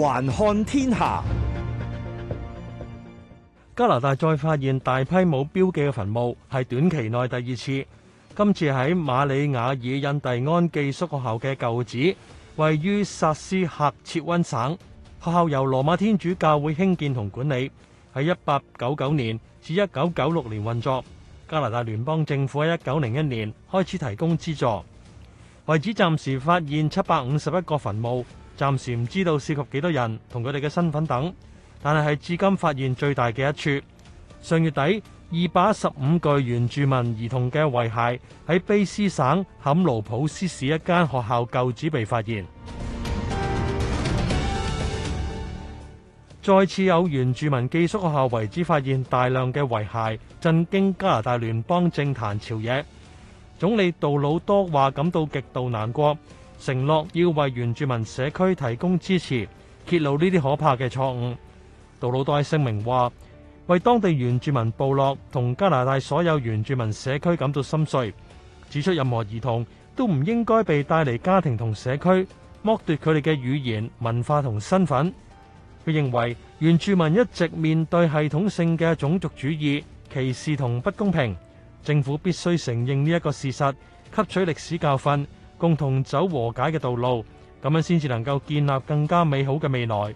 環看天下，加拿大再發現大批冇標記嘅墳墓，係短期內第二次。今次喺馬里亞爾印第安寄宿學校嘅舊址，位於薩斯喀徹溫省。學校由羅馬天主教會興建同管理，喺一八九九年至一九九六年運作。加拿大聯邦政府喺一九零一年開始提供資助。為此，暫時發現七百五十一個墳墓。暫時唔知道涉及幾多人同佢哋嘅身份等，但係係至今發現最大嘅一處。上月底，二百一十五具原住民兒童嘅遺骸喺卑詩省坎盧普斯市一間學校舊址被發現。 再次有原住民寄宿學校遺址發現大量嘅遺骸，震驚加拿大聯邦政壇朝野。總理杜魯多話感到極度難過。承諾要為原住民社區提供支持，揭露呢啲可怕嘅錯誤。杜魯多聲明話：為當地原住民部落同加拿大所有原住民社區感到心碎，指出任何兒童都唔應該被帶嚟家庭同社區，剝奪佢哋嘅語言、文化同身份。佢認為原住民一直面對系統性嘅種族主義、歧視同不公平，政府必須承認呢一個事實，吸取歷史教訓。共同走和解嘅道路，咁樣先至能夠建立更加美好嘅未來。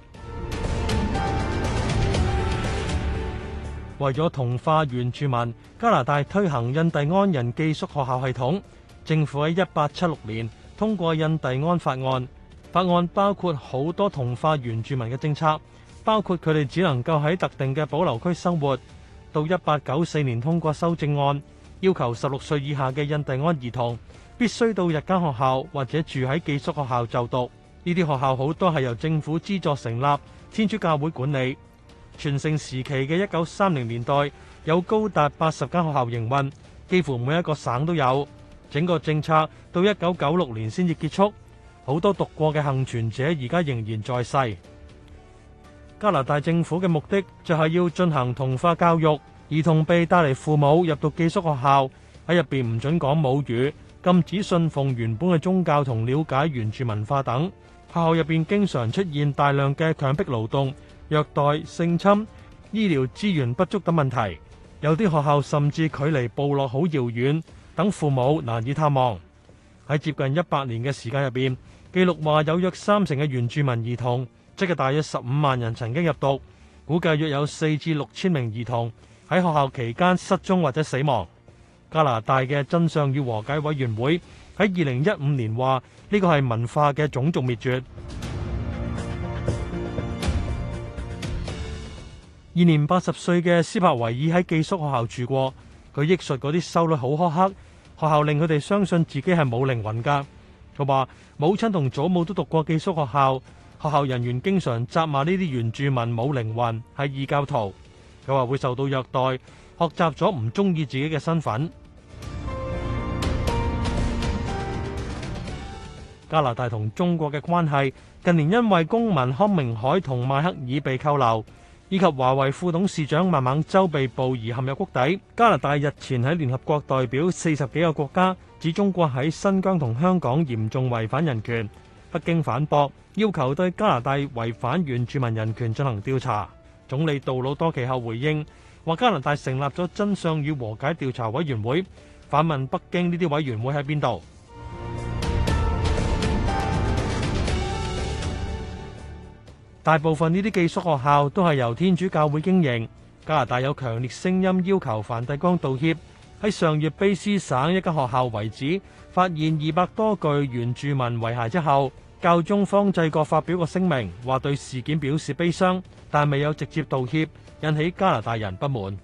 為咗同化原住民，加拿大推行印第安人寄宿學校系統。政府喺一八七六年通過印第安法案，法案包括好多同化原住民嘅政策，包括佢哋只能夠喺特定嘅保留區生活。到一八九四年通過修正案，要求十六歲以下嘅印第安兒童，必須到日間學校，或者住喺寄宿學校就讀。呢啲學校好多係由政府資助成立，天主教會管理。全盛時期嘅一九三零年代，有高達八十間學校營運，幾乎每一個省都有。整個政策到一九九六年先至結束。好多讀過嘅幸存者而家仍然在世。加拿大政府嘅目的就係要進行同化教育，兒童被帶嚟父母入讀寄宿學校，喺入邊唔准講母語，禁止信奉原本嘅宗教同了解原住文化等，學校入邊經常出現大量嘅強迫勞動、虐待、性侵、醫療資源不足等問題。有啲學校甚至距離部落好遙遠，等父母難以探望。喺接近一百年嘅時間入邊，記錄話有約三成嘅原住民兒童，即係大約十五萬人曾經入讀，估計約有四至六千名兒童喺學校期間失蹤或者死亡。加拿大嘅真相與和解委員會喺二零一五年話呢個係文化嘅種族滅絕。 現年八十歲嘅斯帕維爾喺寄宿學校住過，佢憶述嗰啲修女好苛刻，學校令佢哋相信自己係冇靈魂㗎。佢話母親同祖母都讀過寄宿學校，學校人員經常責罵呢啲原住民冇靈魂係異教徒。佢話會受到虐待，學習咗唔中意自己嘅身份。加拿大同中國嘅關係近年因為公民康明凱同邁克爾被扣留，以及華為副董事長孟晚舟被捕而陷入谷底。加拿大日前喺聯合國代表四十幾個國家指中國喺新疆同香港嚴重違反人權。北京反駁，要求對加拿大違反原住民人權進行調查。總理杜魯多其後回應，話加拿大成立咗真相與和解調查委員會，反問北京呢啲委員會喺邊度？大部分呢啲寄宿學校都係由天主教會經營，加拿大有強烈聲音要求梵蒂岡道歉。喺上月卑詩省一間學校遺址發現二百多具原住民遺骸之後，教宗方濟各發表個聲明，話對事件表示悲傷，但未有直接道歉，引起加拿大人不滿。